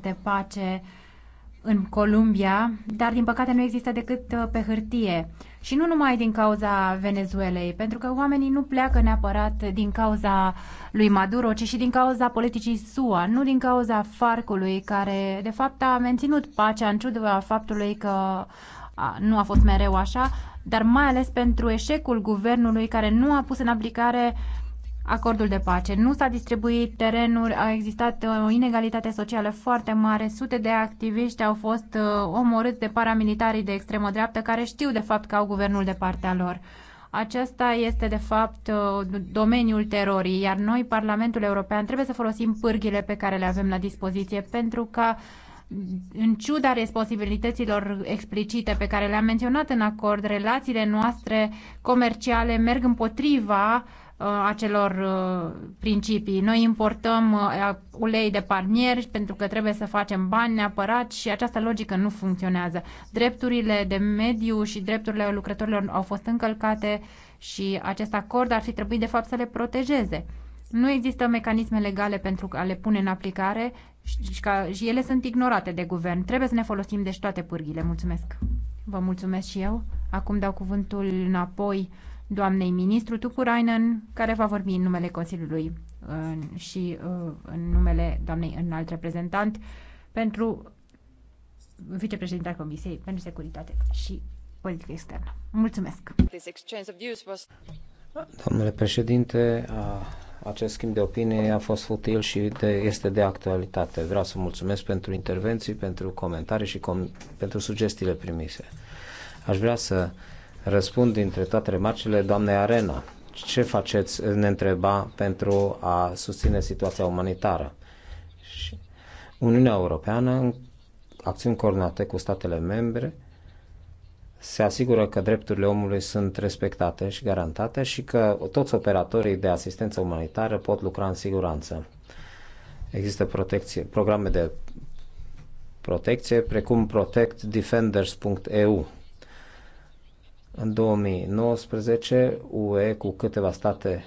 de pace în Columbia, dar din păcate nu există decât uh, pe hârtie. Și nu numai din cauza Venezuelei, pentru că oamenii nu pleacă neapărat din cauza lui Maduro, ci și din cauza politicii SUA, nu din cauza Farcului, care de fapt a menținut pacea în ciuda faptului că nu a fost mereu așa, dar mai ales pentru eșecul guvernului care nu a pus în aplicare acordul de pace. Nu s-a distribuit terenul, a existat uh, o inegalitate socială foarte mare, sute de activiști au fost uh, omorâți de paramilitarii de extremă dreaptă care știu de fapt că au guvernul de partea lor. Acesta este, de fapt, uh, domeniul terorii, iar noi, Parlamentul European, trebuie să folosim pârghile pe care le avem la dispoziție pentru ca în ciuda responsabilităților explicite pe care le-am menționat în acord, relațiile noastre comerciale merg împotriva uh, Uh, acelor uh, principii. Noi importăm uh, ulei de palmier pentru că trebuie să facem bani neapărat și această logică nu funcționează. Drepturile de mediu și drepturile lucrătorilor au fost încălcate și acest acord ar fi trebuit de fapt să le protejeze. Nu există mecanisme legale pentru a le pune în aplicare și, ca, și ele sunt ignorate de guvern. Trebuie să ne folosim deci toate pârghile. Mulțumesc! Vă mulțumesc și eu. Acum dau cuvântul înapoi doamnei ministru Tucurainen, care va vorbi în numele Consiliului și uh, în numele doamnei înalt reprezentant pentru vicepreședinta Comisiei pentru Securitate și Politică Externă. Mulțumesc! Domnule președinte, acest schimb de opinie a fost util și de, este de actualitate. Vreau să mulțumesc pentru intervenții, pentru comentarii și com- pentru sugestiile primise. Aș vrea să uh, răspund dintre toate remarcile doamnei Arena. Ce faceți, ne întreba, pentru a susține situația umanitară? Și Uniunea Europeană, în acțiuni coordonate cu statele membre, se asigură că drepturile omului sunt respectate și garantate și că toți operatorii de asistență umanitară pot lucra în siguranță. Există protecție, programe de protecție, precum protectdefenders.eu în 2019, UE cu câteva state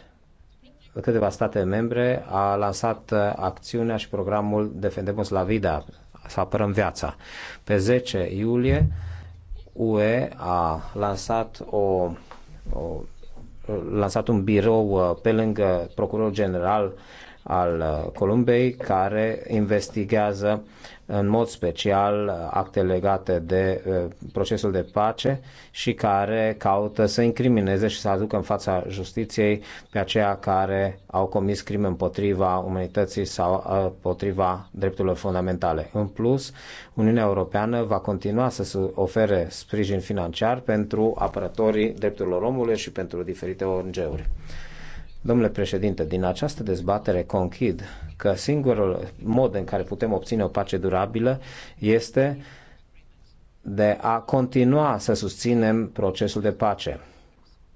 câteva state membre a lansat uh, acțiunea și programul Defendemos la Vida, să apărăm viața. Pe 10 iulie, UE a lansat, o, o, lansat un birou uh, pe lângă Procurorul General al uh, Columbei, care investigează în mod special acte legate de uh, procesul de pace și care caută să incrimineze și să aducă în fața justiției pe aceia care au comis crime împotriva umanității sau împotriva uh, drepturilor fundamentale. În plus, Uniunea Europeană va continua să ofere sprijin financiar pentru apărătorii drepturilor omului și pentru diferite ONG-uri. Domnule președinte, din această dezbatere conchid că singurul mod în care putem obține o pace durabilă este de a continua să susținem procesul de pace.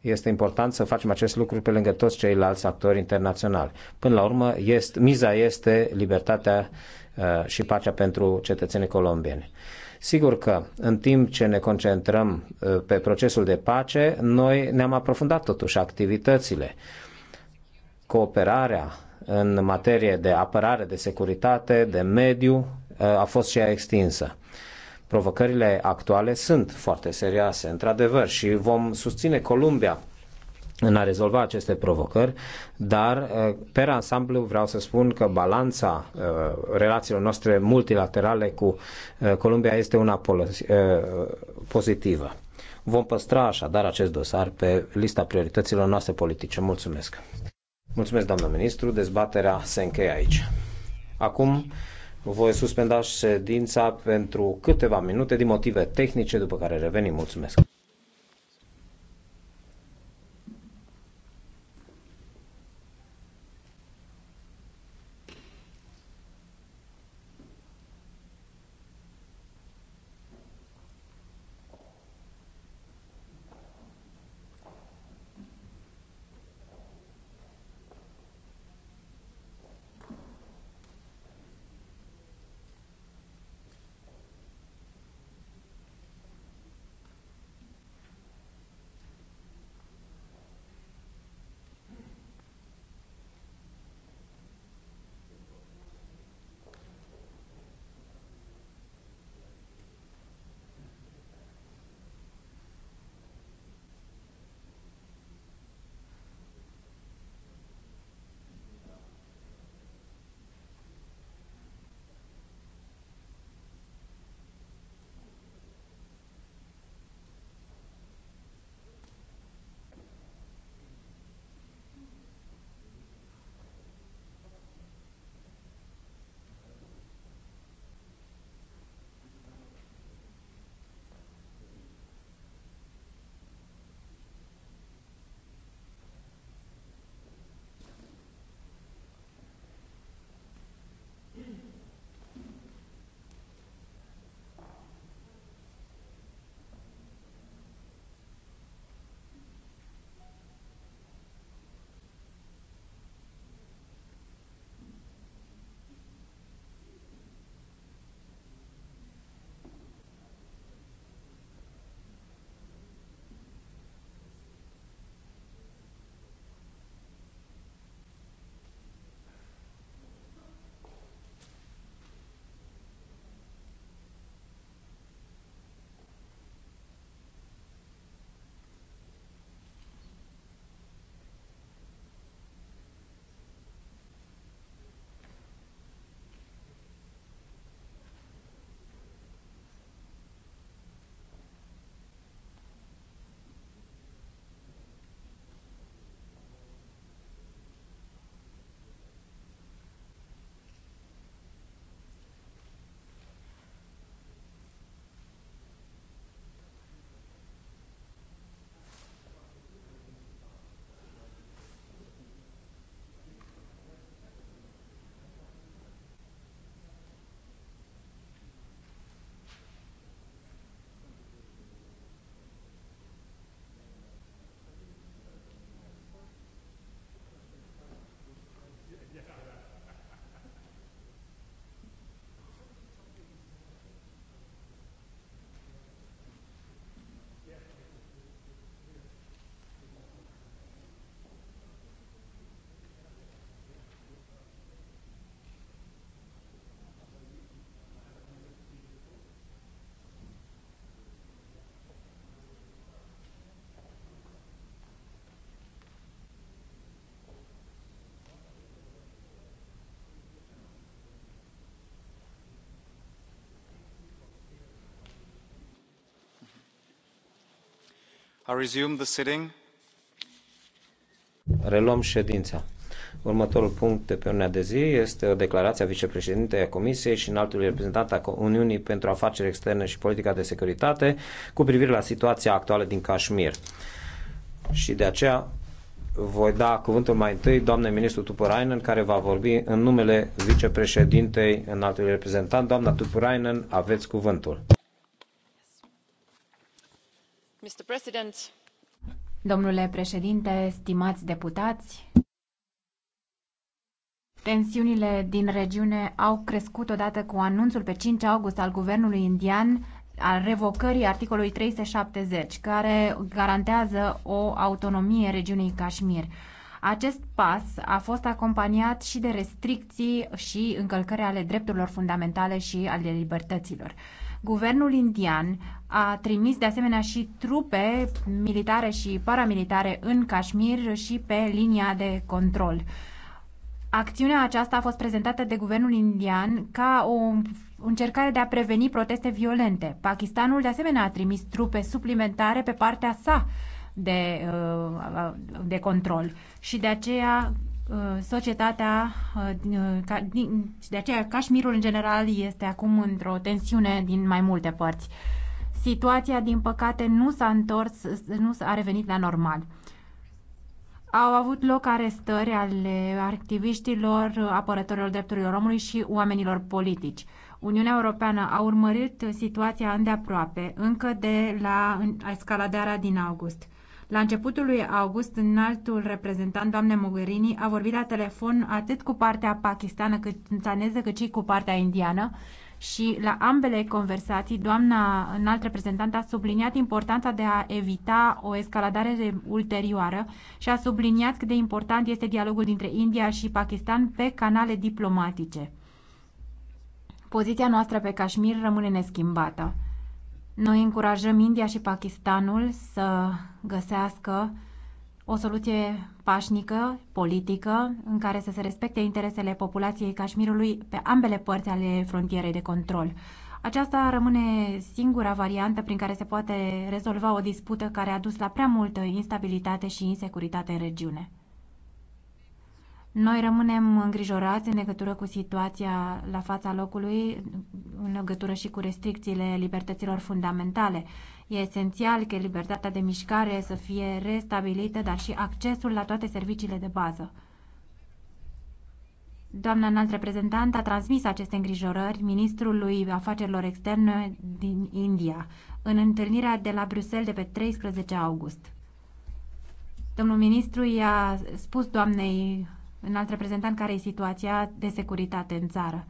Este important să facem acest lucru pe lângă toți ceilalți actori internaționali. Până la urmă, este, miza este libertatea uh, și pacea pentru cetățenii colombieni. Sigur că în timp ce ne concentrăm uh, pe procesul de pace, noi ne-am aprofundat totuși activitățile. Uh, cooperarea în materie de apărare, de securitate, de mediu uh, a fost și ea extinsă. Provocările actuale sunt foarte serioase, într-adevăr, și vom susține Columbia în a rezolva aceste provocări, dar uh, pe ansamblu vreau să spun că balanța uh, relațiilor noastre multilaterale cu Columbia este una pozitivă. Vom păstra așadar acest dosar pe lista priorităților noastre politice. Mulțumesc! Mulțumesc, doamnă ministru. Dezbaterea se încheie aici. Acum voi suspenda ședința pentru câteva minute din motive tehnice, după care revenim. Mulțumesc. Reluăm ședința. Următorul punct de pe ordinea de zi este o declarație a vicepreședintei a Comisiei și înaltului reprezentant al Uniunii pentru Afaceri Externe și Politica de Securitate cu privire la situația actuală din Kashmir. Și de aceea voi da cuvântul mai întâi doamnei ministru Tupurainen, care va vorbi în numele vicepreședintei înaltului reprezentant. Doamna Tupurainen, aveți cuvântul. Domnule președinte, stimați deputați, tensiunile din regiune au crescut odată cu anunțul pe 5 august al guvernului indian al revocării articolului 370, care garantează o autonomie regiunii Kashmir. Acest pas a fost acompaniat și de restricții și încălcări ale drepturilor fundamentale și ale libertăților. Guvernul indian a trimis de asemenea și trupe militare și paramilitare în Kashmir și pe linia de control. Acțiunea aceasta a fost prezentată de guvernul indian ca o încercare de a preveni proteste violente. Pakistanul de asemenea a trimis trupe suplimentare pe partea sa de, uh, de control și de aceea uh, societatea, uh, de aceea Cașmirul în general este acum într-o tensiune din mai multe părți situația, din păcate, nu s-a întors, nu s-a revenit la normal. Au avut loc arestări ale activiștilor, apărătorilor drepturilor omului și oamenilor politici. Uniunea Europeană a urmărit situația îndeaproape, încă de la escaladarea din august. La începutul lui august, înaltul reprezentant, doamne Mogherini, a vorbit la telefon atât cu partea pakistană cât țaneză, cât și cu partea indiană și la ambele conversații, doamna înalt reprezentant a subliniat importanța de a evita o escaladare ulterioară și a subliniat cât de important este dialogul dintre India și Pakistan pe canale diplomatice. Poziția noastră pe Kashmir rămâne neschimbată. Noi încurajăm India și Pakistanul să găsească o soluție pașnică, politică, în care să se respecte interesele populației Cașmirului pe ambele părți ale frontierei de control. Aceasta rămâne singura variantă prin care se poate rezolva o dispută care a dus la prea multă instabilitate și insecuritate în regiune. Noi rămânem îngrijorați în legătură cu situația la fața locului, în legătură și cu restricțiile libertăților fundamentale. E esențial că libertatea de mișcare să fie restabilită, dar și accesul la toate serviciile de bază. Doamna înalt reprezentant a transmis aceste îngrijorări ministrului afacerilor externe din India în întâlnirea de la Bruxelles de pe 13 august. Domnul ministru i-a spus doamnei în alt reprezentant care e situația de securitate în țară.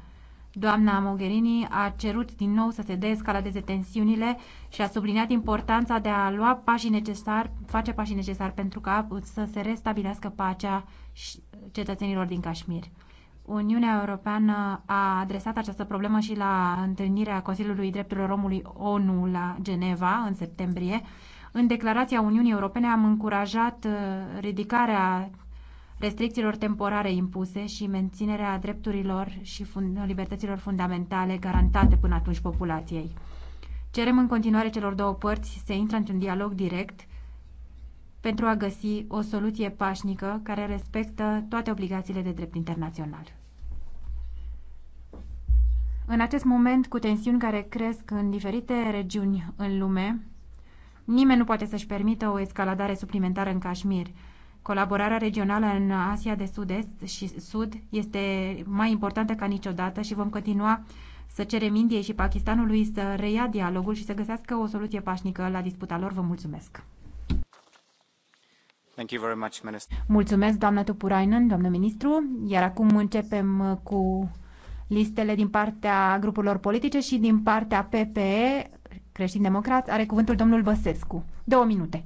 Doamna Mogherini a cerut din nou să se deescaladeze tensiunile și a subliniat importanța de a lua pașii necesari, face pașii necesari pentru ca să se restabilească pacea cetățenilor din Cașmir. Uniunea Europeană a adresat această problemă și la întâlnirea Consiliului Drepturilor Omului ONU la Geneva în septembrie. În declarația Uniunii Europene am încurajat uh, ridicarea restricțiilor temporare impuse și menținerea drepturilor și fund libertăților fundamentale garantate până atunci populației. Cerem în continuare celor două părți să intre într-un dialog direct pentru a găsi o soluție pașnică care respectă toate obligațiile de drept internațional. În acest moment, cu tensiuni care cresc în diferite regiuni în lume, nimeni nu poate să-și permită o escaladare suplimentară în Kashmir. Colaborarea regională în Asia de Sud-Est și Sud este mai importantă ca niciodată și vom continua să cerem Indiei și Pakistanului să reia dialogul și să găsească o soluție pașnică la disputa lor. Vă mulțumesc! Thank you very much, Minister. Mulțumesc, doamnă Tupurainen, doamnă ministru. Iar acum începem cu listele din partea grupurilor politice și din partea PPE, creștin democrat, are cuvântul domnul Băsescu. Două minute.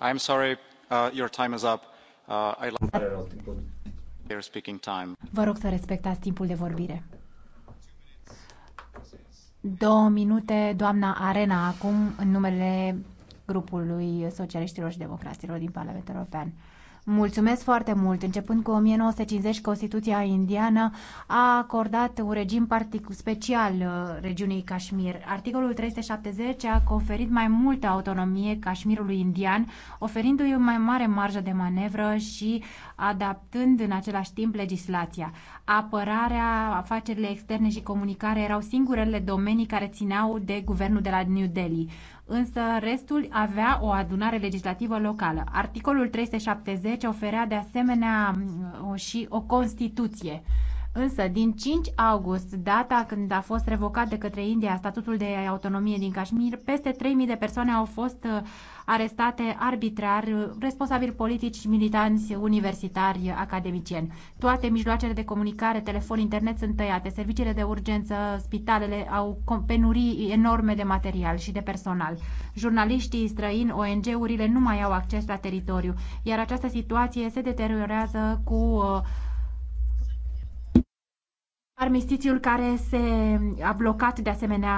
I'm sorry, uh, your time is up. Uh, I speaking time. Vă rog să respectați timpul de vorbire. Două minute, doamna Arena, acum, în numele grupului socialiștilor și democraților din Parlamentul European. Mulțumesc foarte mult. Începând cu 1950, Constituția indiană a acordat un regim special uh, regiunii Kashmir. Articolul 370 a conferit mai multă autonomie Kashmirului indian, oferindu-i o mai mare marjă de manevră și adaptând în același timp legislația. Apărarea, afacerile externe și comunicare erau singurele domenii care țineau de guvernul de la New Delhi însă restul avea o adunare legislativă locală. Articolul 370 oferea de asemenea mm, și o Constituție Însă, din 5 august, data când a fost revocat de către India statutul de autonomie din Kashmir, peste 3.000 de persoane au fost uh, arestate arbitrar, uh, responsabili politici, militanți, universitari, academicieni. Toate mijloacele de comunicare, telefon, internet sunt tăiate, serviciile de urgență, spitalele au penurii enorme de material și de personal. Jurnaliștii străini, ONG-urile nu mai au acces la teritoriu, iar această situație se deteriorează cu uh, Armistițiul care se a blocat de asemenea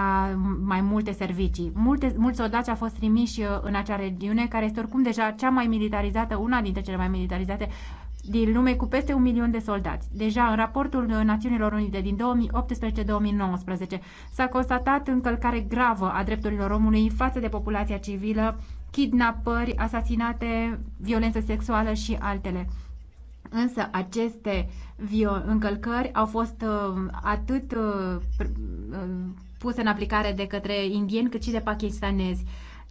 mai multe servicii. Multe, mulți soldați au fost trimiși uh, în acea regiune, care este oricum deja cea mai militarizată, una dintre cele mai militarizate din lume, cu peste un milion de soldați. Deja în raportul uh, Națiunilor Unite din 2018-2019 s-a constatat încălcare gravă a drepturilor omului față de populația civilă, kidnapări, asasinate, violență sexuală și altele. Însă aceste încălcări au fost uh, atât uh, uh, puse în aplicare de către indieni cât și de pakistanezi.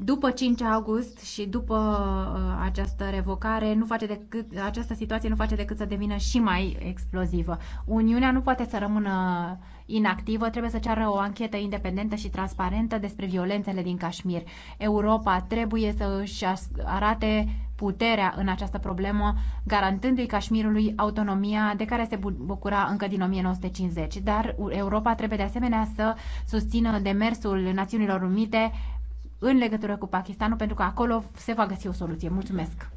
După 5 august și după această revocare, nu face decât, această situație nu face decât să devină și mai explozivă. Uniunea nu poate să rămână inactivă, trebuie să ceară o anchetă independentă și transparentă despre violențele din Kashmir. Europa trebuie să își arate puterea în această problemă, garantându-i Cașmirului autonomia de care se bucura încă din 1950. Dar Europa trebuie de asemenea să susțină demersul Națiunilor Unite în legătură cu Pakistanul, pentru că acolo se va găsi o soluție. Mulțumesc!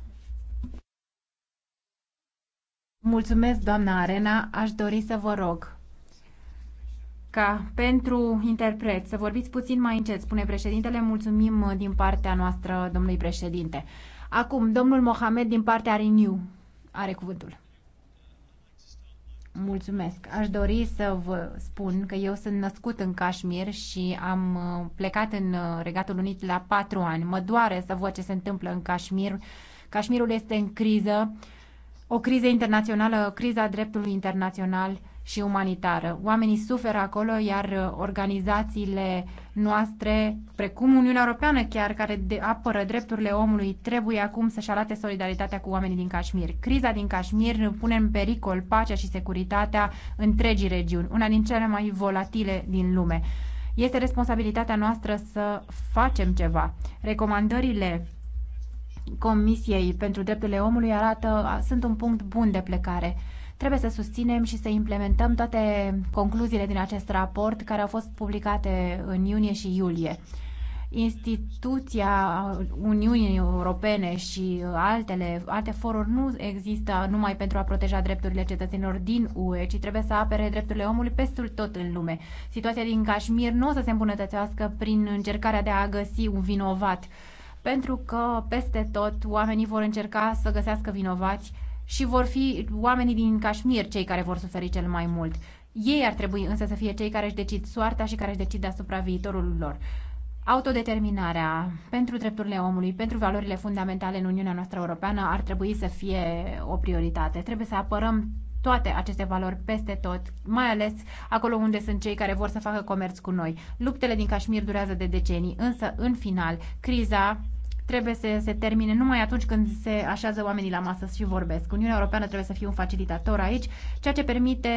Mulțumesc, doamna Arena. Aș dori să vă rog ca pentru interpret să vorbiți puțin mai încet, spune președintele. Mulțumim din partea noastră, domnului președinte. Acum, domnul Mohamed din partea Renew are cuvântul. Mulțumesc. Aș dori să vă spun că eu sunt născut în Cașmir și am uh, plecat în uh, Regatul Unit la patru ani. Mă doare să văd ce se întâmplă în Cașmir. Cașmirul este în criză, o criză internațională, criza dreptului internațional și umanitară. Oamenii suferă acolo, iar uh, organizațiile noastre, precum Uniunea Europeană chiar, care de apără drepturile omului, trebuie acum să-și arate solidaritatea cu oamenii din Kashmir. Criza din Kashmir pune în pericol pacea și securitatea întregii regiuni, una din cele mai volatile din lume. Este responsabilitatea noastră să facem ceva. Recomandările Comisiei pentru Drepturile Omului arată, sunt un punct bun de plecare Trebuie să susținem și să implementăm toate concluziile din acest raport care au fost publicate în iunie și iulie instituția Uniunii Europene și uh, altele, alte foruri nu există numai pentru a proteja drepturile cetățenilor din UE, ci trebuie să apere drepturile omului peste tot în lume. Situația din Cașmir nu o să se îmbunătățească prin încercarea de a găsi un vinovat pentru că peste tot oamenii vor încerca să găsească vinovați și vor fi oamenii din Cașmir cei care vor suferi cel mai mult. Ei ar trebui însă să fie cei care își decid soarta și care își decid asupra viitorului lor. Autodeterminarea pentru drepturile omului, pentru valorile fundamentale în Uniunea noastră europeană ar trebui să fie o prioritate. Trebuie să apărăm toate aceste valori peste tot, mai ales acolo unde sunt cei care vor să facă comerț cu noi. Luptele din Cașmir durează de decenii, însă, în final, criza trebuie să se termine numai atunci când se așează oamenii la masă și vorbesc. Uniunea Europeană trebuie să fie un facilitator aici, ceea ce permite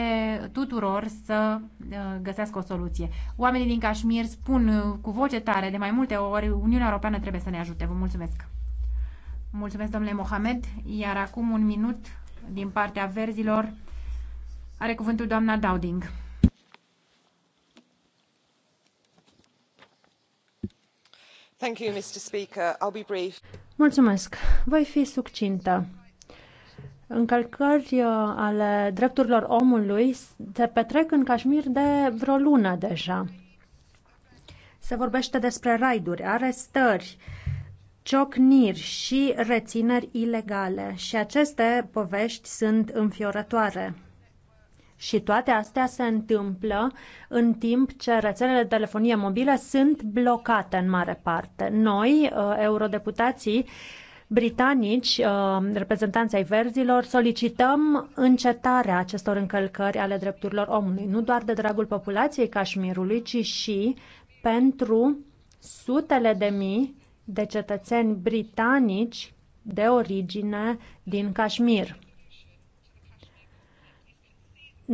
tuturor să uh, găsească o soluție. Oamenii din Cașmir spun uh, cu voce tare de mai multe ori, Uniunea Europeană trebuie să ne ajute. Vă mulțumesc! Mulțumesc, domnule Mohamed, iar acum un minut din partea verzilor are cuvântul doamna Dowding. Mulțumesc. Voi fi succintă. Încălcări uh, ale drepturilor omului se petrec în Cașmir de vreo lună deja. Se vorbește despre raiduri, arestări, ciocniri și rețineri ilegale și aceste povești sunt înfiorătoare. Și toate astea se întâmplă în timp ce rețelele de telefonie mobilă sunt blocate în mare parte. Noi, uh, eurodeputații, britanici, uh, reprezentanții ai verzilor, solicităm încetarea acestor încălcări ale drepturilor omului, nu doar de dragul populației Cașmirului, ci și pentru sutele de mii de cetățeni britanici de origine din Cașmir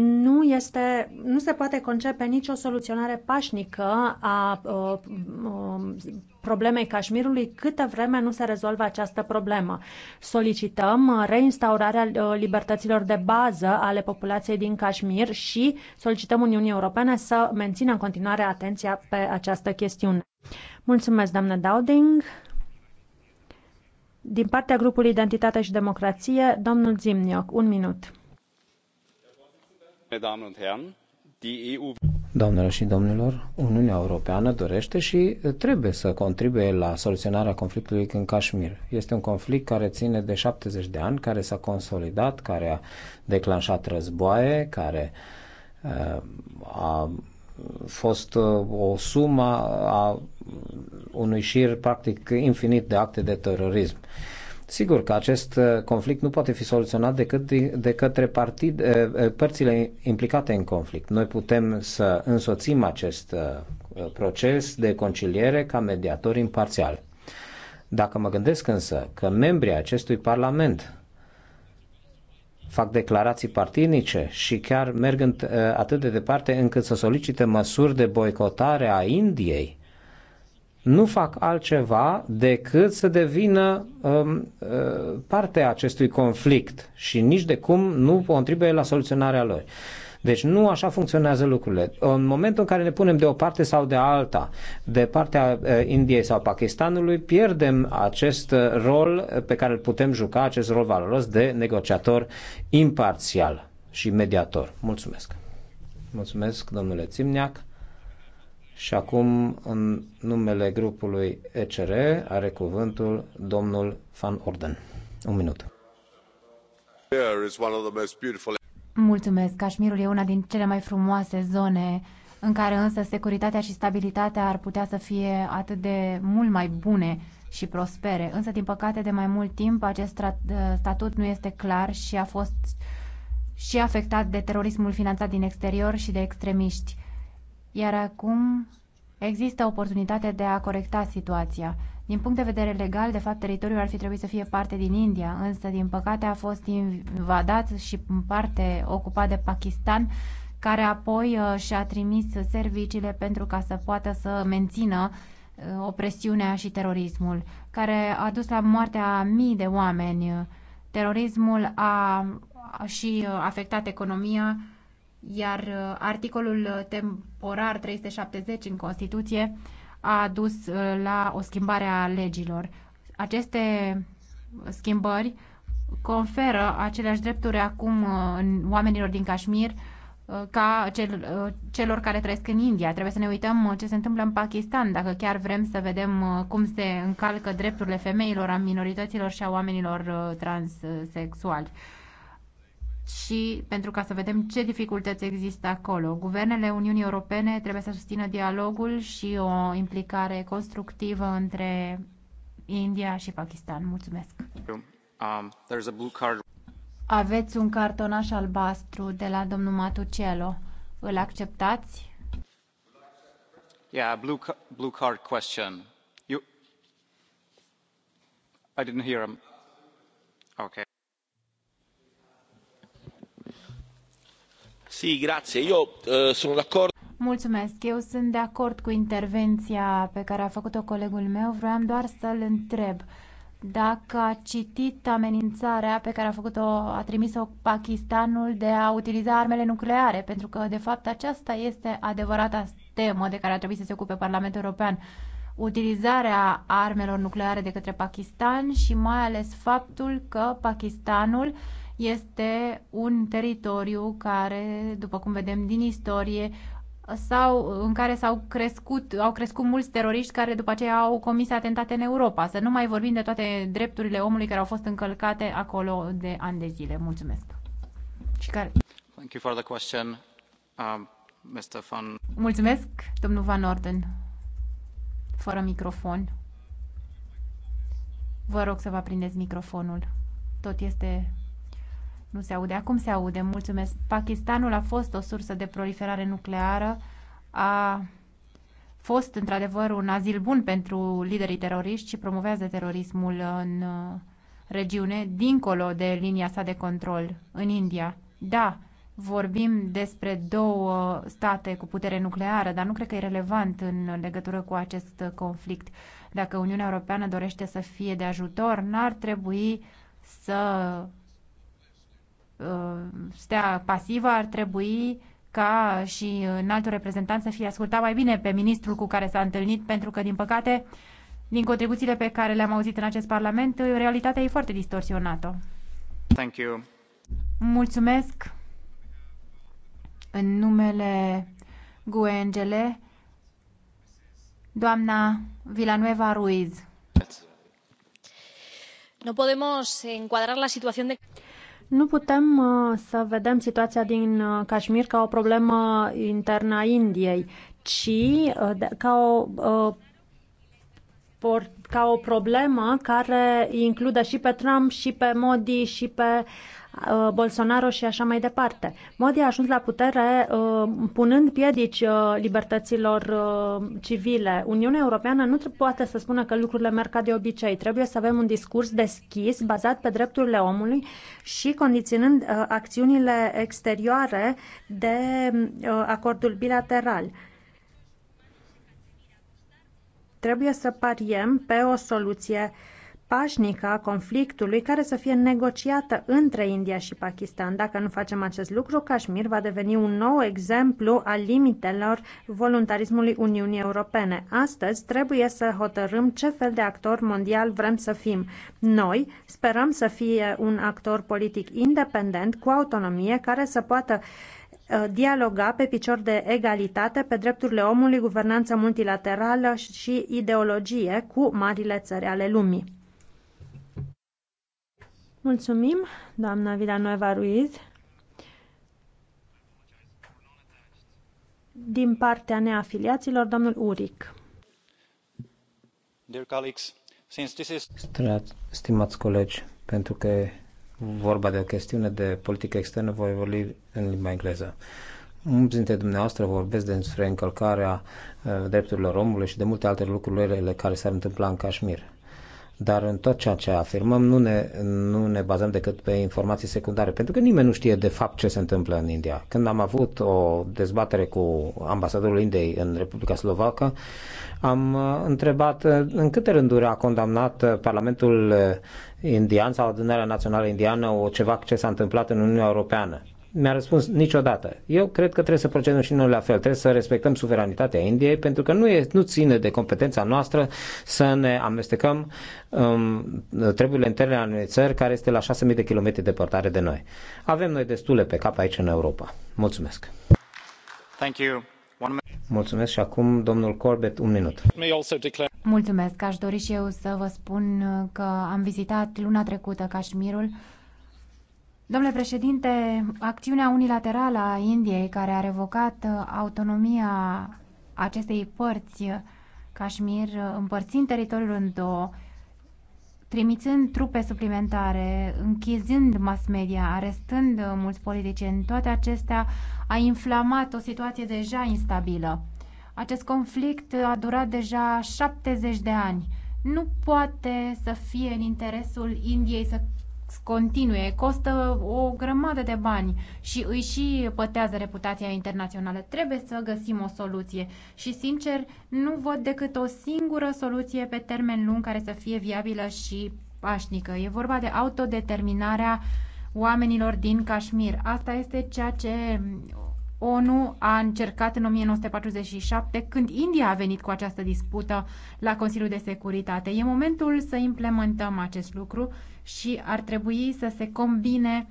nu, este, nu se poate concepe nicio soluționare pașnică a uh, uh, problemei Cașmirului câtă vreme nu se rezolvă această problemă. Solicităm reinstaurarea uh, libertăților de bază ale populației din Cașmir și solicităm Uniunii Europene să mențină în continuare atenția pe această chestiune. Mulțumesc, doamnă Dowding. Din partea grupului Identitate și Democrație, domnul Zimnioc, un minut. Doamnelor și domnilor, Uniunea Europeană dorește și trebuie să contribuie la soluționarea conflictului în Kashmir. Este un conflict care ține de 70 de ani, care s-a consolidat, care a declanșat războaie, care uh, a fost uh, o sumă a unui șir practic infinit de acte de terorism. Sigur că acest uh, conflict nu poate fi soluționat decât de către partid, uh, uh, părțile implicate în conflict. Noi putem să însoțim acest proces de conciliere ca mediatori imparțiali. Dacă mă gândesc însă că membrii acestui parlament fac declarații partinice și chiar merg atât de departe încât să solicite măsuri de boicotare a Indiei, nu fac altceva decât să devină um, uh, parte acestui conflict și nici de cum nu contribuie la soluționarea lor. Deci nu așa funcționează lucrurile. În momentul în care ne punem de o parte sau de alta, de partea uh, Indiei sau Pakistanului, pierdem acest rol pe care îl putem juca, acest rol valoros de negociator imparțial și mediator. Mulțumesc! Mulțumesc, domnule Țimniac! Și acum, în numele grupului ECR, are cuvântul domnul Van Orden. Un minut. Mulțumesc. Cașmirul e una din cele mai frumoase zone în care însă securitatea și stabilitatea ar putea să fie atât de mult mai bune și prospere. Însă, din păcate, de mai mult timp acest statut nu este clar și a fost și afectat de terorismul finanțat din exterior și de extremiști iar acum există oportunitatea de a corecta situația. Din punct de vedere legal, de fapt, teritoriul ar fi trebuit să fie parte din India, însă, din păcate, a fost invadat și în parte ocupat de Pakistan, care apoi uh, și-a trimis serviciile pentru ca să poată să mențină uh, opresiunea și terorismul, care a dus la moartea mii de oameni. Terorismul a, a și uh, afectat economia, iar uh, articolul temporar 370 în Constituție a dus uh, la o schimbare a legilor. Aceste schimbări conferă aceleași drepturi acum uh, oamenilor din Kashmir ca cel, celor care trăiesc în India. Trebuie să ne uităm ce se întâmplă în Pakistan, dacă chiar vrem să vedem cum se încalcă drepturile femeilor, a minorităților și a oamenilor transsexuali și pentru ca să vedem ce dificultăți există acolo. Guvernele Uniunii Europene trebuie să susțină dialogul și o implicare constructivă între India și Pakistan. Mulțumesc! Um, Aveți un cartonaș albastru de la domnul Matucelo. Îl acceptați? Yeah, blue, blue card question. You... I didn't hear him. Okay. Eh, Mulțumesc. Eu sunt de acord cu intervenția pe care a făcut-o colegul meu. Vreau doar să-l întreb dacă a citit amenințarea pe care a făcut-o, a trimis-o Pakistanul de a utiliza armele nucleare, pentru că, de fapt, aceasta este adevărata temă de care ar trebui să se ocupe Parlamentul European. Utilizarea armelor nucleare de către Pakistan și mai ales faptul că Pakistanul uh, este un teritoriu care, după cum vedem din istorie, sau în care s-au crescut, au crescut mulți teroriști care după aceea au comis atentate în Europa. Să nu mai vorbim de toate drepturile omului care au fost încălcate acolo de ani de zile. Mulțumesc. Și care... Thank you for the question, uh, um, Mr. Van... Mulțumesc, domnul Van Orden. Fără microfon. Vă rog să vă aprindeți microfonul. Tot este nu se aude. Acum se aude. Mulțumesc. Pakistanul a fost o sursă de proliferare nucleară. A fost într-adevăr un azil bun pentru liderii teroriști și promovează terorismul în uh, regiune, dincolo de linia sa de control, în India. Da, vorbim despre două state cu putere nucleară, dar nu cred că e relevant în legătură cu acest conflict. Dacă Uniunea Europeană dorește să fie de ajutor, n-ar trebui să Uh, stea pasivă, ar trebui ca și în altul reprezentant să fie ascultat mai bine pe ministrul cu care s-a întâlnit, pentru că, din păcate, din contribuțiile pe care le-am auzit în acest Parlament, uh, realitatea e foarte distorsionată. Thank you. Mulțumesc în numele Guengele, doamna Villanueva Ruiz. No podemos encuadrar la situación de nu putem uh, să vedem situația din Kashmir uh, ca o problemă internă a Indiei, ci uh, ca o ca o problemă care include și pe Trump, și pe Modi, și pe Uh, Bolsonaro și așa mai departe. Modi a ajuns la putere uh, punând piedici uh, libertăților civile. Uniunea Europeană nu poate să spună că lucrurile merg ca de obicei. Trebuie să avem un discurs deschis, bazat pe drepturile omului și condiționând acțiunile exterioare de acordul bilateral trebuie să pariem pe o soluție pașnică a conflictului care să fie negociată între India și Pakistan. Dacă nu facem acest lucru, Kashmir va deveni un nou exemplu al limitelor voluntarismului Uniunii Europene. Astăzi trebuie să hotărâm ce fel de actor mondial vrem să fim. Noi sperăm să fie un actor politic independent, cu autonomie, care să poată uh, dialoga pe picior de egalitate pe drepturile omului, guvernanță multilaterală și ideologie cu marile țări ale lumii. Mulțumim, doamna Villanueva Ruiz. Din partea neafiliaților, domnul Uric. Dear colleagues, since this is... Stimați colegi, pentru că vorba de o chestiune de politică externă, voi vorbi în limba engleză. Mulți dintre dumneavoastră vorbesc despre încălcarea uh, drepturilor omului și de multe alte lucruri care s-ar întâmpla în Kashmir dar în tot ceea ce afirmăm nu ne, nu ne bazăm decât pe informații secundare, pentru că nimeni nu știe de fapt ce se întâmplă în India. Când am avut o dezbatere cu ambasadorul Indiei în Republica Slovacă, am uh, întrebat uh, în câte rânduri a condamnat uh, Parlamentul indian sau Adunarea Națională Indiană o ceva ce s-a întâmplat în Uniunea Europeană mi-a răspuns niciodată. Eu cred că trebuie să procedăm și noi la fel, trebuie să respectăm suveranitatea Indiei, pentru că nu, e, nu ține de competența noastră să ne amestecăm um, treburile interne ale unei țări care este la 6.000 de km departare de noi. Avem noi destule pe cap aici în Europa. Mulțumesc! Thank you. Mulțumesc și acum domnul Corbett, un minut. Mulțumesc, aș dori și eu să vă spun că am vizitat luna trecută Cașmirul Domnule președinte, acțiunea unilaterală a Indiei care a revocat uh, autonomia acestei părți uh, Kashmir, uh, împărțind teritoriul în două, trimițând trupe suplimentare, închizând mass media, arestând mulți politicieni, toate acestea a inflamat o situație deja instabilă. Acest conflict a durat deja 70 de ani. Nu poate să fie în interesul Indiei să continue, costă o grămadă de bani și îi și pătează reputația internațională. Trebuie să găsim o soluție și, sincer, nu văd decât o singură soluție pe termen lung care să fie viabilă și pașnică. E vorba de autodeterminarea oamenilor din Kashmir. Asta este ceea ce ONU a încercat în 1947, când India a venit cu această dispută la Consiliul de Securitate. E momentul să implementăm acest lucru și ar trebui să se combine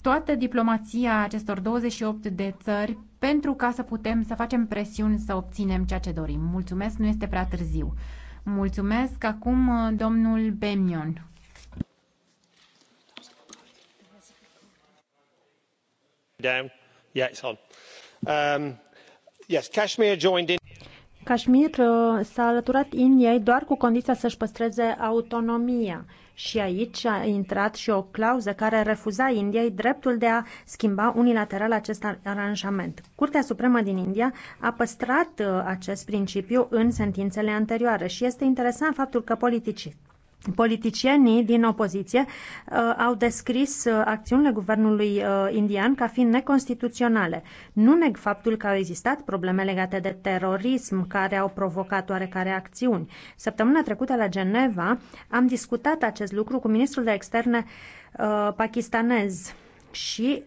toată diplomația acestor 28 de țări pentru ca să putem să facem presiuni să obținem ceea ce dorim. Mulțumesc, nu este prea târziu. Mulțumesc. Acum domnul Bemion. Down. Yeah, it's on. Um, yes, Kashmir joined in. Kashmir uh, s-a alăturat Indiei doar cu condiția să-și păstreze autonomia. Și aici a intrat și o clauză care refuza Indiei dreptul de a schimba unilateral acest aranjament. Curtea Supremă din India a păstrat uh, acest principiu în sentințele anterioare și este interesant faptul că politicii. Politicienii din opoziție uh, au descris uh, acțiunile guvernului uh, indian ca fiind neconstituționale. Nu neg faptul că au existat probleme legate de terorism care au provocat oarecare acțiuni. Săptămâna trecută la Geneva am discutat acest lucru cu ministrul de externe uh, pakistanez și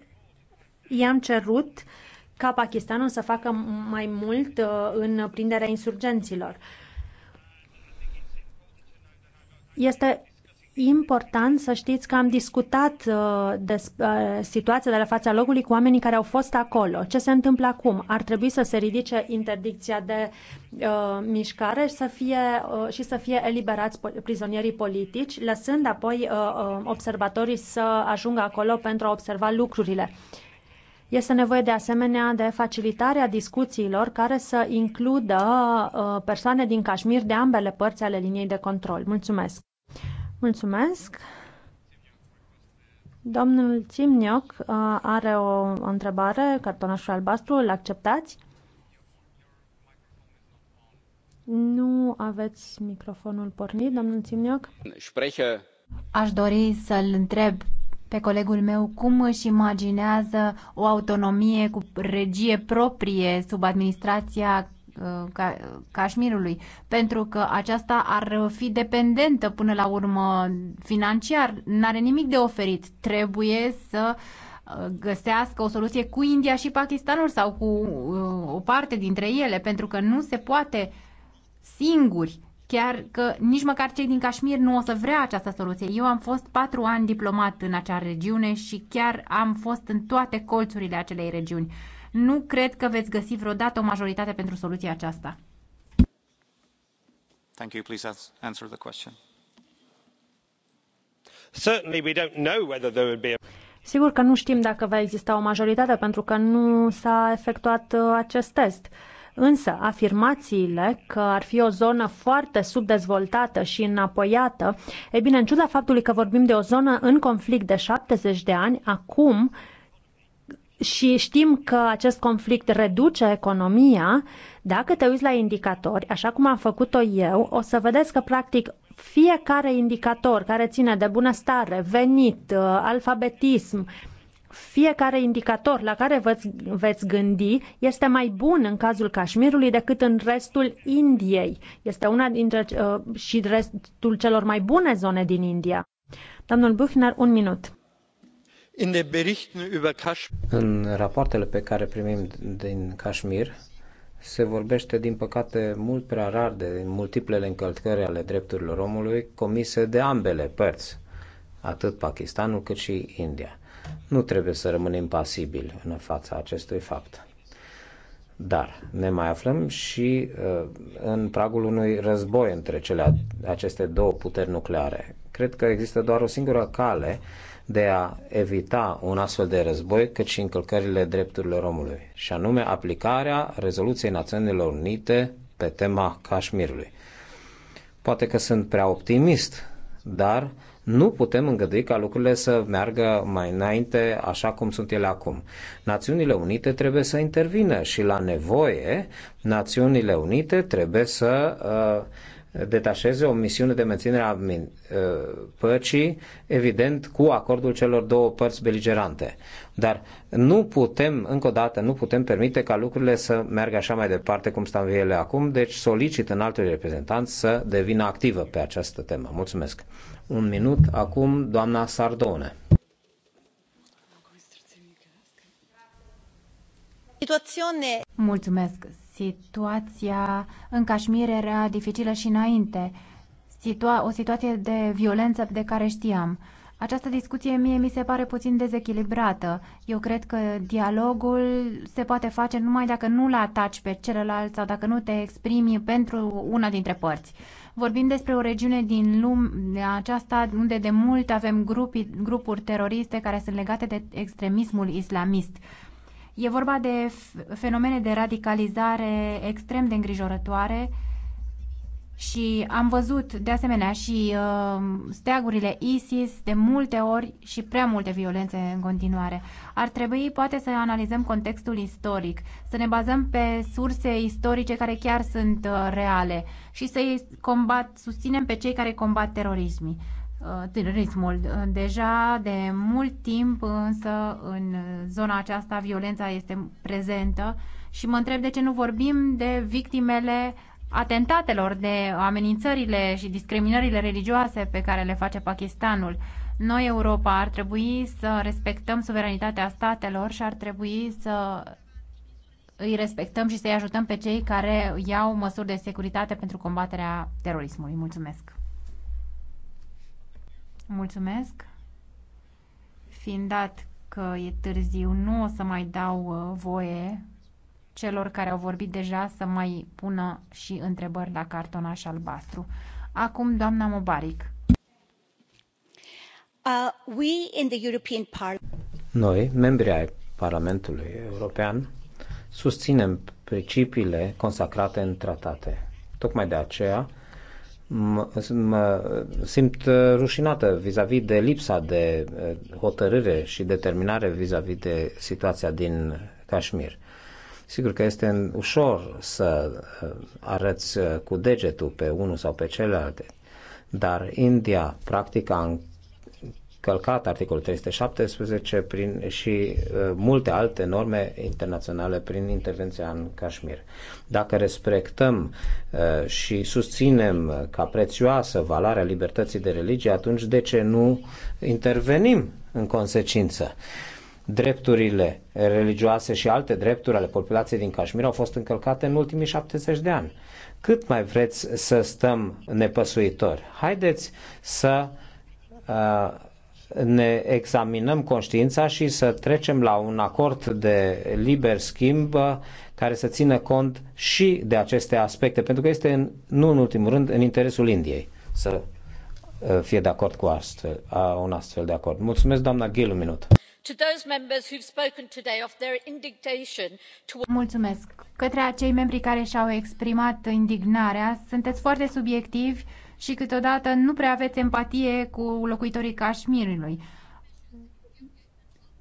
i-am cerut ca Pakistanul să facă mai mult uh, în prinderea insurgenților. Uh, este important să știți că am discutat uh, de, uh, situația de la fața locului cu oamenii care au fost acolo. Ce se întâmplă acum? Ar trebui să se ridice interdicția de uh, mișcare și să fie, uh, și să fie eliberați prizonierii politici, lăsând apoi uh, uh, observatorii să ajungă acolo pentru a observa lucrurile. Uh, este nevoie de asemenea de facilitarea discuțiilor care să includă uh, persoane din Cașmir de ambele părți ale liniei de control. Mulțumesc! Mulțumesc! Domnul Timnioc uh, are o întrebare, cartonașul albastru, îl acceptați? Nu aveți microfonul pornit, domnul Timnioc? Aș dori să-l întreb pe colegul meu cum își imaginează o autonomie cu regie proprie sub administrația uh, Cașmirului, pentru că aceasta ar fi dependentă până la urmă financiar. N-are nimic de oferit. Trebuie să uh, găsească o soluție cu India și Pakistanul sau cu uh, o parte dintre ele, pentru că nu se poate singuri chiar că nici măcar cei din Cașmir nu o să vrea această soluție. Eu am fost patru ani diplomat în acea regiune și chiar am fost în toate colțurile acelei regiuni. Nu cred că veți găsi vreodată o majoritate pentru soluția aceasta. Thank you. Please answer the question. Certainly we don't know whether there would be a... Sigur că nu știm dacă va exista o majoritate pentru că nu s-a efectuat uh, acest test. Uh, Însă, afirmațiile că ar fi o zonă foarte subdezvoltată și înapoiată, e bine, în ciuda faptului că vorbim de o zonă în conflict de 70 de ani, acum și știm că acest conflict reduce economia, dacă te uiți la indicatori, așa cum am făcut-o eu, o să vedeți că practic fiecare indicator care ține de bunăstare, venit, uh, alfabetism, fiecare indicator la care vă, veți gândi este mai bun în cazul Cașmirului decât în restul Indiei. Este una dintre uh, și restul celor mai bune zone din India. Domnul Buchner, un minut. În rapoartele pe care primim din Cașmir, se vorbește, din păcate, mult prea rar de multiplele încălcări ale drepturilor omului comise de ambele părți, atât Pakistanul cât și India. Nu trebuie să rămânem pasibili în fața acestui fapt. Dar ne mai aflăm și uh, în pragul unui război între cele, aceste două puteri nucleare. Cred că există doar o singură cale de a evita un astfel de război, cât și încălcările drepturilor omului, și anume aplicarea rezoluției Națiunilor Unite pe tema Cașmirului. Poate că sunt prea optimist, dar nu putem îngădui ca lucrurile să meargă mai înainte așa cum sunt ele acum. Națiunile Unite trebuie să intervină și la nevoie Națiunile Unite trebuie să uh, detașeze o misiune de menținere a uh, păcii, evident cu acordul celor două părți beligerante. Dar nu putem, încă o dată, nu putem permite ca lucrurile să meargă așa mai departe cum stau ele acum, deci solicit în altul reprezentanți să devină activă pe această temă. Mulțumesc! Un minut acum, doamna Sardone. Situație Mulțumesc. Situația în Cașmir era dificilă și înainte. Situa- o situație de violență de care știam. Această discuție mie mi se pare puțin dezechilibrată. Eu cred că dialogul se poate face numai dacă nu-l ataci pe celălalt sau dacă nu te exprimi pentru una dintre părți. Vorbim despre o regiune din lume aceasta unde de mult avem grupi, grupuri teroriste care sunt legate de extremismul islamist. E vorba de fenomene de radicalizare extrem de îngrijorătoare și am văzut de asemenea și uh, steagurile ISIS de multe ori și prea multe violențe în continuare. Ar trebui poate să analizăm contextul istoric, să ne bazăm pe surse istorice care chiar sunt uh, reale și să combat, susținem pe cei care combat terorismii. Uh, terorismul. Uh, deja de mult timp însă în zona aceasta violența este prezentă și mă întreb de ce nu vorbim de victimele atentatelor, de amenințările și discriminările religioase pe care le face Pakistanul. Noi, Europa, ar trebui să respectăm suveranitatea statelor și ar trebui să îi respectăm și să-i ajutăm pe cei care iau măsuri de securitate pentru combaterea terorismului. Mulțumesc! Mulțumesc! Fiind dat că e târziu, nu o să mai dau uh, voie celor care au vorbit deja să mai pună și întrebări la cartonaș albastru. Acum, doamna Mobaric. Uh, we in the European Parliament. Noi, membri ai Parlamentului European, susținem principiile consacrate în tratate. Tocmai de aceea mă simt rușinată vis-a-vis -vis de lipsa de uh, hotărâre și determinare vis-a-vis -vis de situația din Kashmir. Sigur că este ușor să uh, arăți uh, cu degetul pe unul sau pe celălalt, dar India practic a încălcat articolul 317 prin, și uh, multe alte norme internaționale prin intervenția în Kashmir. Dacă respectăm uh, și susținem uh, ca prețioasă valoarea libertății de religie, atunci de ce nu intervenim în consecință? Uh, drepturile religioase și alte drepturi ale populației din Cașmir au fost încălcate în ultimii 70 de ani. Cât mai vreți să stăm nepăsuitori? Haideți să uh, ne examinăm conștiința și să trecem la un acord de liber schimb uh, care să țină cont și de aceste aspecte, pentru că este, în, nu în ultimul rând, în interesul Indiei să uh, fie de acord cu astfel, a, uh, un astfel de acord. Mulțumesc, doamna Ghilu, un minut. Mulțumesc. Către acei membri care și-au exprimat indignarea, sunteți foarte subiectivi și câteodată nu prea aveți empatie cu locuitorii Cașmirului.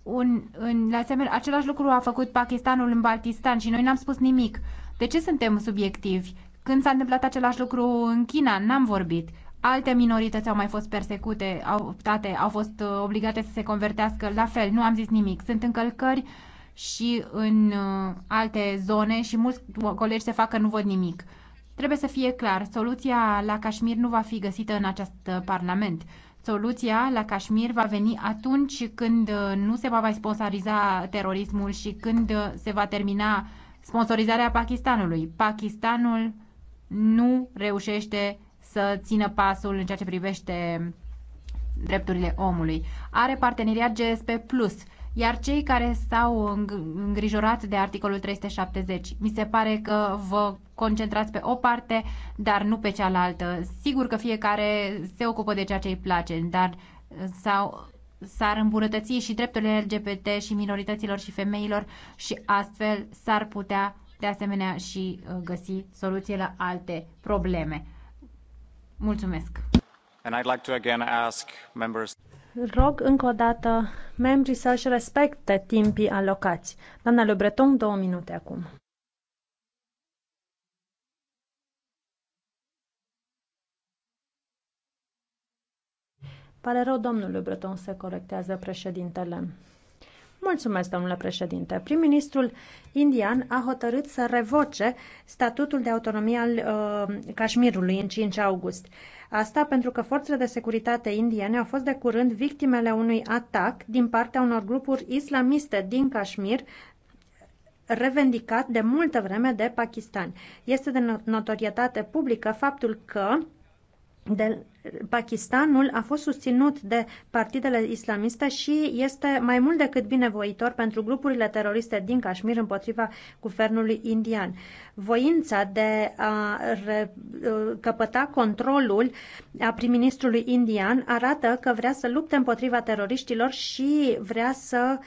Un, la asemenea, același lucru a făcut Pakistanul în Baltistan și noi n-am spus nimic. De ce suntem subiectivi? Când s-a întâmplat același lucru în China, n-am vorbit. Alte minorități au mai fost persecute, au, tate, au fost uh, obligate să se convertească. La fel, nu am zis nimic. Sunt încălcări și în uh, alte zone și mulți colegi se fac că nu văd nimic. Trebuie să fie clar, soluția la Cașmir nu va fi găsită în acest uh, parlament. Soluția la Cașmir va veni atunci când nu se va mai sponsoriza terorismul și când se va termina sponsorizarea Pakistanului. Pakistanul nu reușește să țină pasul în ceea ce privește drepturile omului. Are parteneriat GSP+, Plus, iar cei care s-au îngrijorat de articolul 370, mi se pare că vă concentrați pe o parte, dar nu pe cealaltă. Sigur că fiecare se ocupă de ceea ce îi place, dar sau s-ar îmbunătăți și drepturile LGBT și minorităților și femeilor și astfel s-ar putea de asemenea și uh, găsi soluție la alte probleme. Mulțumesc. And I'd like to again ask members... Rog încă o dată membrii să-și respecte timpii alocați. Doamna Le Breton, două minute acum. Pare rău, domnul Le Breton, se corectează președintele. Mulțumesc, domnule președinte. Prim-ministrul indian a hotărât să revoce statutul de autonomie al uh, Cașmirului în 5 august. Asta pentru că forțele de securitate indiene au fost de curând victimele unui atac din partea unor grupuri islamiste din Cașmir, revendicat de multă vreme de Pakistan. Este de notorietate publică faptul că de Pakistanul a fost susținut de partidele islamiste și este mai mult decât binevoitor pentru grupurile teroriste din Kashmir împotriva guvernului indian. Voința de a uh, căpăta controlul a prim-ministrului indian arată că vrea să lupte împotriva teroriștilor și vrea să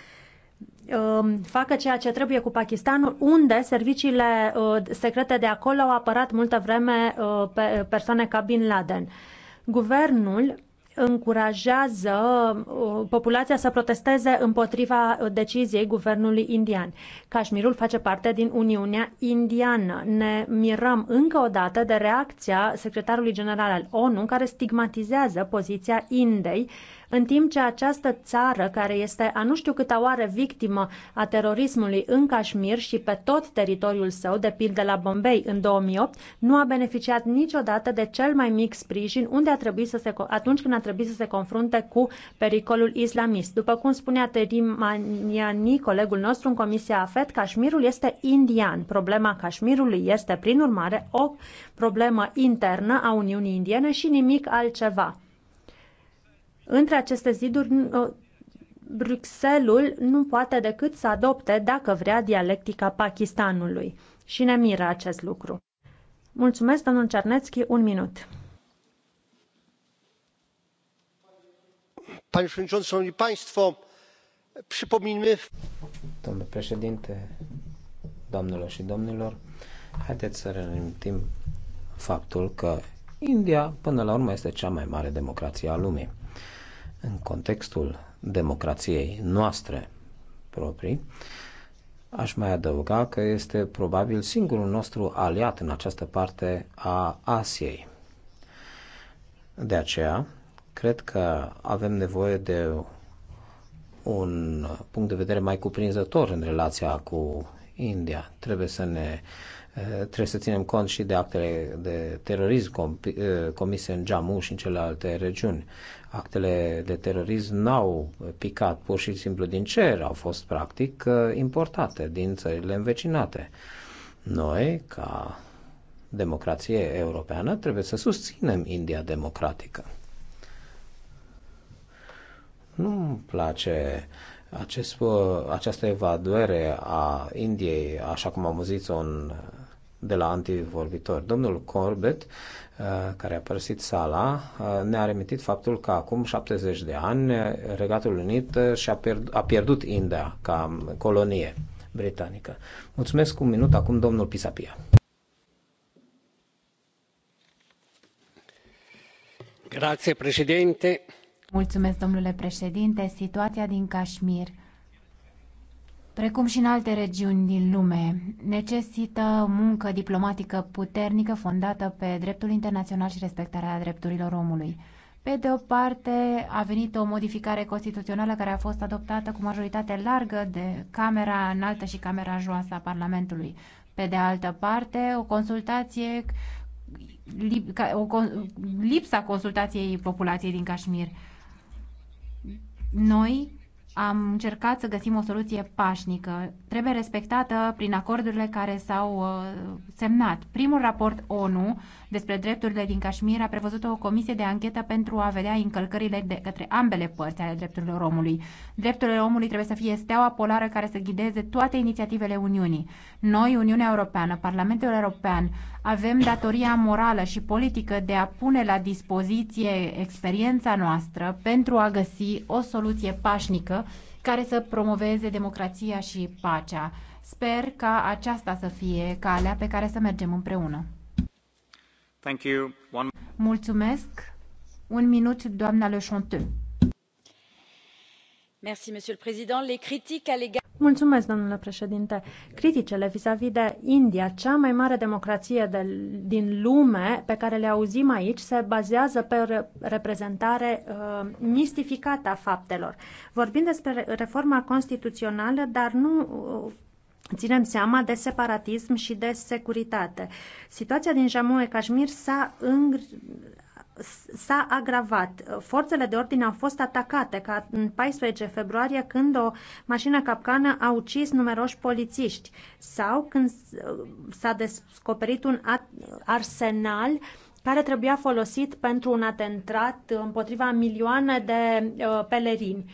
um, facă ceea ce trebuie cu Pakistanul, unde serviciile uh, secrete de acolo au apărat multă vreme uh, pe persoane ca Bin Laden guvernul încurajează uh, populația să protesteze împotriva deciziei guvernului indian. Cașmirul face parte din Uniunea Indiană. Ne mirăm încă o dată de reacția secretarului general al ONU care stigmatizează poziția Indei, în timp ce această țară, care este a nu știu câta oară victimă a terorismului în Cașmir și pe tot teritoriul său, de pildă la Bombay în 2008, nu a beneficiat niciodată de cel mai mic sprijin unde a trebuit să se, atunci când a a trebuit să se confrunte cu pericolul islamist. După cum spunea Maniani, colegul nostru în Comisia AFET, Cașmirul este indian. Problema Cașmirului este, prin urmare, o problemă internă a Uniunii Indiene și nimic altceva. Între aceste ziduri, Bruxelles nu poate decât să adopte, dacă vrea, dialectica Pakistanului. Și ne miră acest lucru. Mulțumesc, domnul Cernețchi, un minut. panie przewodniczący! szanowni państwo! przypominmy. domnule președinte doamnelor și domnilor haideți să reamintim faptul că India până la urmă este cea mai mare democrație a lumii. În contextul democrației noastre proprii, aș mai adăuga că este probabil singurul nostru aliat în această parte a Asiei. De aceea, Cred că avem nevoie de un punct de vedere mai cuprinzător în relația cu India. Trebuie să ne eh, trebuie să ținem cont și de actele de terorism eh, comise în Jammu și în celelalte regiuni. Actele de terorism n-au picat pur și simplu din cer, au fost practic eh, importate din țările învecinate. Noi, ca democrație europeană, trebuie să susținem India democratică. Nu-mi place acest, uh, această evaduere a Indiei, așa cum am auzit-o în, de la antivorbitori. Domnul Corbett, uh, care a părăsit sala, uh, ne-a remitit faptul că acum 70 de ani Regatul Unit și-a pierdut, a pierdut India ca colonie britanică. Mulțumesc cu un minut acum domnul Pisapia. Grazie, președinte. Mulțumesc, domnule președinte. Situația din Kashmir, precum și în alte regiuni din lume, necesită muncă diplomatică puternică fondată pe dreptul internațional și respectarea drepturilor omului. Pe de o parte, a venit o modificare constituțională care a fost adoptată cu majoritate largă de Camera Înaltă și Camera Joasă a Parlamentului. Pe de altă parte, o consultație lipsa consultației populației din Cașmir. Noi am încercat să găsim o soluție pașnică. Trebuie respectată prin acordurile care s-au uh, semnat. Primul raport ONU despre drepturile din Kashmir a prevăzut o comisie de anchetă pentru a vedea încălcările de către ambele părți ale drepturilor omului. Drepturile omului trebuie să fie steaua polară care să ghideze toate inițiativele Uniunii. Noi, Uniunea Europeană, Parlamentul European, avem datoria morală și politică de a pune la dispoziție experiența noastră pentru a găsi o soluție pașnică care să promoveze democrația și pacea. Sper ca aceasta să fie calea pe care să mergem împreună. Mulțumesc. Un minut, Mulțumesc, domnule președinte. Criticele vis-a-vis -vis de India, cea mai mare democrație de, din lume pe care le auzim aici, se bazează pe re, reprezentare uh, mistificată a faptelor. Vorbim despre reforma constituțională, dar nu uh, Ținem seama de separatism și de securitate. Situația din Jammu e Kashmir s-a îngr s-a agravat. Forțele de ordine au fost atacate ca în 14 februarie când o mașină capcană a ucis numeroși polițiști sau când s-a descoperit un arsenal care trebuia folosit pentru un atentat împotriva milioane de uh, pelerini.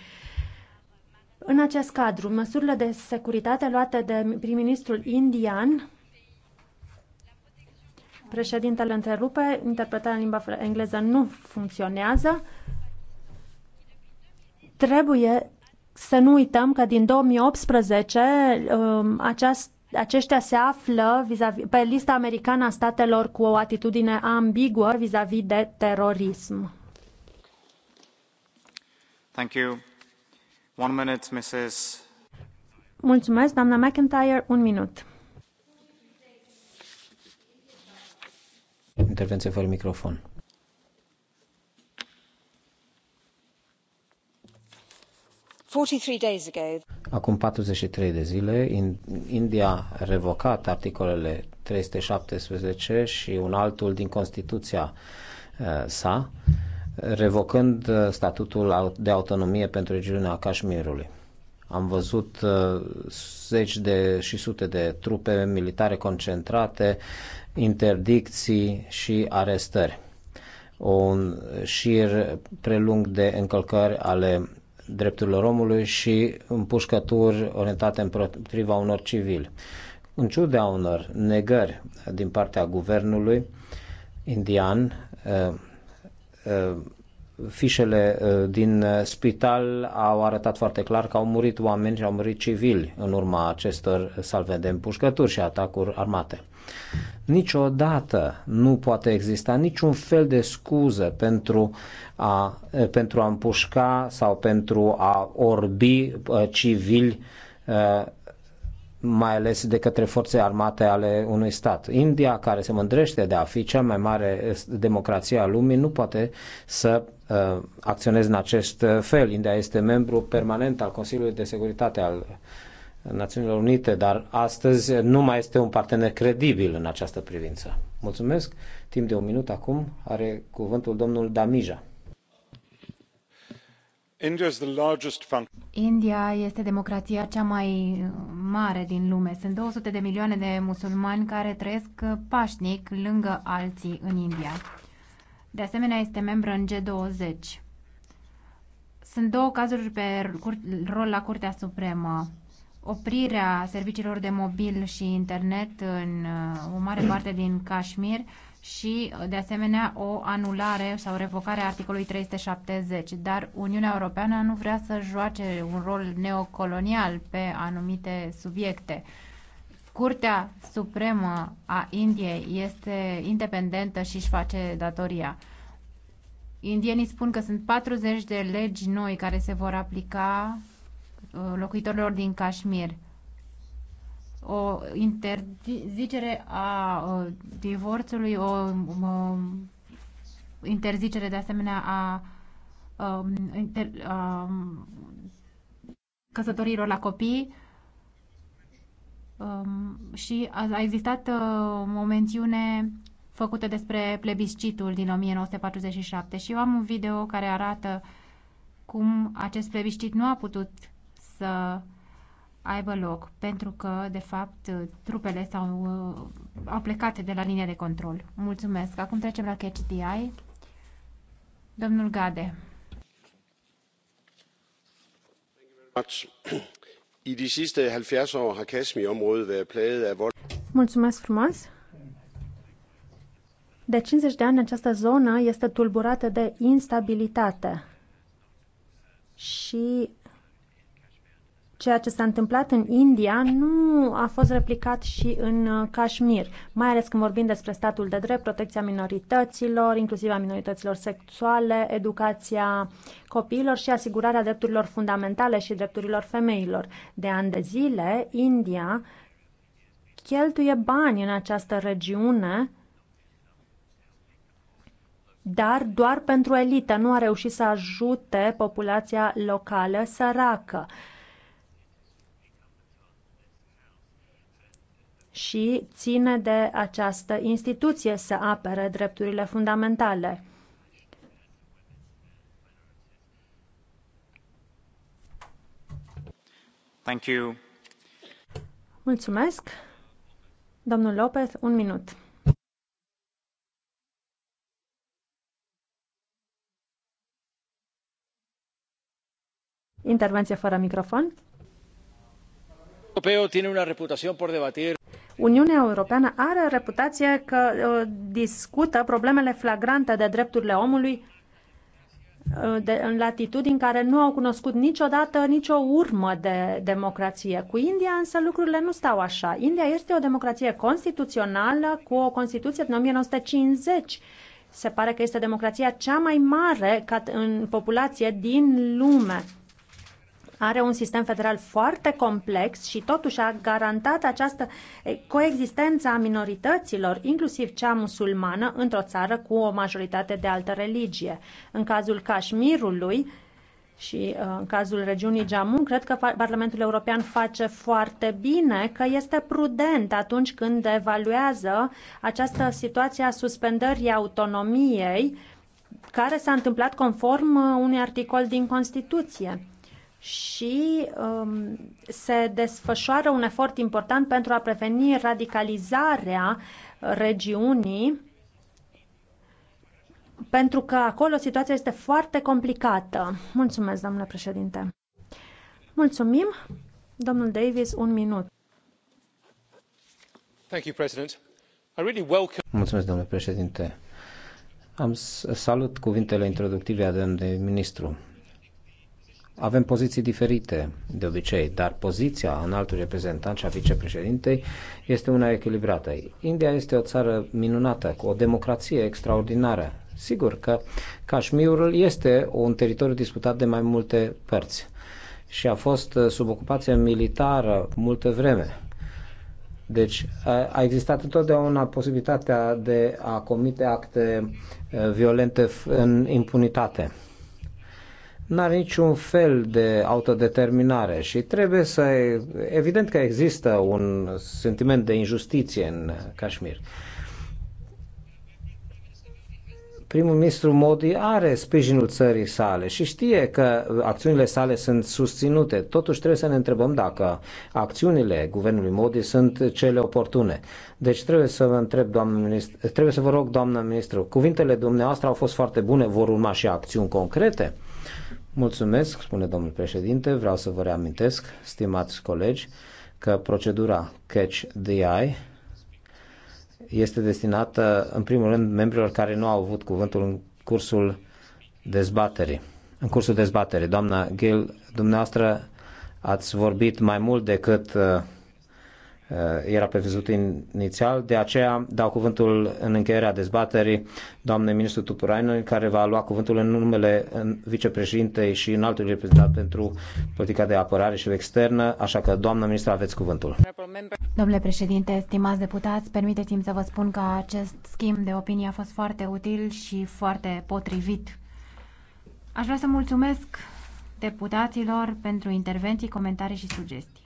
În acest cadru, măsurile de securitate luate de prim-ministrul indian Președintele întrerupe, interpretarea în limba engleză nu funcționează. Trebuie să nu uităm că din 2018 um, aceast, aceștia se află -vis, pe lista americană a statelor cu o atitudine ambiguă vis-a-vis -vis de terorism. Thank you doamnă Mulțumesc, McIntyre, un minut. Intervenție fără microfon. Acum 43 de zile, India a revocat articolele 317 și un altul din Constituția uh, sa revocând uh, statutul de autonomie pentru regiunea Cașmirului. Am văzut uh, zeci de și sute de trupe militare concentrate, interdicții și arestări. Un șir prelung de încălcări ale drepturilor omului și împușcături orientate împotriva unor civili. În ciuda unor negări din partea guvernului indian, uh, Uh, fișele uh, din uh, spital au arătat foarte clar că au murit oameni și au murit civili în urma acestor salve de împușcături și atacuri armate. Niciodată nu poate exista niciun fel de scuză pentru a, pentru a împușca sau pentru a orbi civili mai ales de către forțe armate ale unui stat. India, care se mândrește de a fi cea mai mare democrație a lumii, nu poate să uh, acționeze în acest fel. India este membru permanent al Consiliului de Securitate al Națiunilor Unite, dar astăzi nu mai este un partener credibil în această privință. Mulțumesc. Timp de un minut acum are cuvântul domnul Damija. India este democrația cea mai uh, mare din lume. Sunt 200 de milioane de musulmani care trăiesc uh, pașnic lângă alții în India. De asemenea, este membră în G20. Sunt două cazuri pe rol la Curtea Supremă oprirea serviciilor de mobil și internet în uh, o mare parte din Kashmir și, uh, de asemenea, o anulare sau revocare a articolului 370. Dar Uniunea Europeană nu vrea să joace un rol neocolonial pe anumite subiecte. Curtea Supremă a Indiei este independentă și își face datoria. Indienii spun că sunt 40 de legi noi care se vor aplica Uh, locuitorilor din Kashmir. O interzicere a uh, divorțului, o, um, interzicere de asemenea a, a um, um, căsătorilor la copii și a existat uh, o mențiune făcută despre plebiscitul din 1947 și eu am un video care arată cum acest plebiscit nu a putut să aibă loc, pentru că, de fapt, trupele s-au, uh, au plecat de la linia de control. Mulțumesc. Acum trecem la Catch the Eye. Domnul Gade. I de sidste 70 år har Kashmir-området været plaget af vold. Mulțumesc frumos. De 50 de ani această zonă este tulburată de instabilitate și ceea ce s-a întâmplat în India nu a fost replicat și în uh, Kashmir, mai ales când vorbim despre statul de drept, protecția minorităților, inclusiv a minorităților sexuale, educația copiilor și asigurarea drepturilor fundamentale și drepturilor femeilor. De ani de zile, India cheltuie bani în această regiune dar doar pentru elită. Nu a reușit să ajute populația locală săracă. și ține de această instituție să apere drepturile fundamentale. Thank you. Mulțumesc. Domnul Lopez, un minut. Intervenție fără microfon. Europeo tiene una reputación por debatir Uniunea Europeană are reputație că uh, discută problemele flagrante de drepturile omului uh, de, în latitudini care nu au cunoscut niciodată nicio urmă de democrație. Cu India însă lucrurile nu stau așa. India este o democrație constituțională cu o Constituție din 1950. Se pare că este democrația cea mai mare ca în populație din lume are un sistem federal foarte complex și totuși a garantat această eh, coexistență a minorităților, inclusiv cea musulmană, într-o țară cu o majoritate de altă religie. În cazul Cașmirului, și eh, în cazul regiunii Jammu, cred că Parlamentul European face foarte bine că este prudent atunci când evaluează această situație a suspendării autonomiei care s-a întâmplat conform eh, unui articol din Constituție și um, se desfășoară un efort important pentru a preveni radicalizarea regiunii, pentru că acolo situația este foarte complicată. Mulțumesc, domnule președinte. Mulțumim. Domnul Davis, un minut. Thank you, President. I really welcome... Mulțumesc, domnule președinte. Am salut cuvintele introductive ale domnului ministru avem poziții diferite de obicei, dar poziția înaltului reprezentant și a vicepreședintei este una echilibrată. India este o țară minunată, cu o democrație extraordinară. Sigur că Cașmirul este un teritoriu disputat de mai multe părți și a fost sub ocupație militară multă vreme. Deci a existat întotdeauna posibilitatea de a comite acte uh, violente în impunitate n-are niciun fel de autodeterminare și trebuie să... Evident că există un sentiment de injustiție în Kashmir. Primul ministru Modi are sprijinul țării sale și știe că acțiunile sale sunt susținute. Totuși trebuie să ne întrebăm dacă acțiunile guvernului Modi sunt cele oportune. Deci trebuie să vă întreb, doamnă ministru, trebuie să vă rog, doamnă ministru, cuvintele dumneavoastră au fost foarte bune, vor urma și acțiuni concrete? Mulțumesc, spune domnul președinte. Vreau să vă reamintesc, stimați colegi, că procedura Catch the Eye este destinată, în primul rând, membrilor care nu au avut cuvântul în cursul dezbaterii. În cursul dezbaterii, doamna Gil, dumneavoastră ați vorbit mai mult decât uh, Eh, era prevăzut inițial. De aceea dau cuvântul în încheierea dezbaterii doamnei ministru Tupurainen, care va lua cuvântul în numele vicepreședintei și în altul reprezentant pentru politica de apărare și externă. Așa că, doamnă ministru, aveți cuvântul. Domnule președinte, stimați deputați, permiteți-mi să vă spun că acest schimb de opinie a fost foarte util și foarte potrivit. Aș vrea să mulțumesc deputaților pentru intervenții, comentarii și sugestii.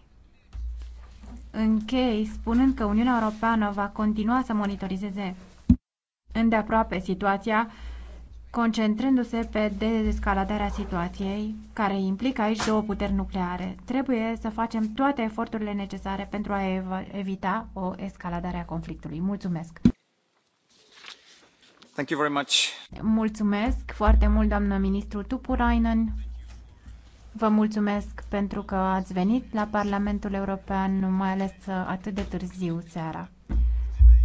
Închei spunând că Uniunea Europeană va continua să monitorizeze îndeaproape situația, concentrându-se pe dezescaladarea situației, care implică aici două puteri nucleare. Trebuie să facem toate eforturile necesare pentru a evita o escaladare a conflictului. Mulțumesc! Thank you very much. Mulțumesc foarte mult, doamnă ministru Tupurainen. Vă mulțumesc pentru că ați venit la Parlamentul European, mai ales uh, atât de târziu seara.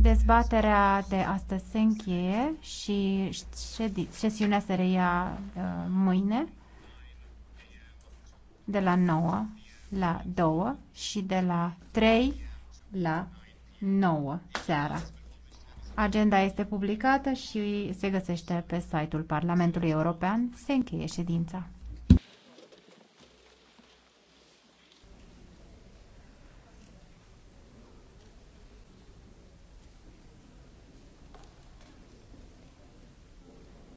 Dezbaterea de astăzi se încheie și sesiunea se reia uh, mâine de la 9 la 2 și de la 3 la 9 seara. Agenda este publicată și se găsește pe site-ul Parlamentului European. Se încheie ședința.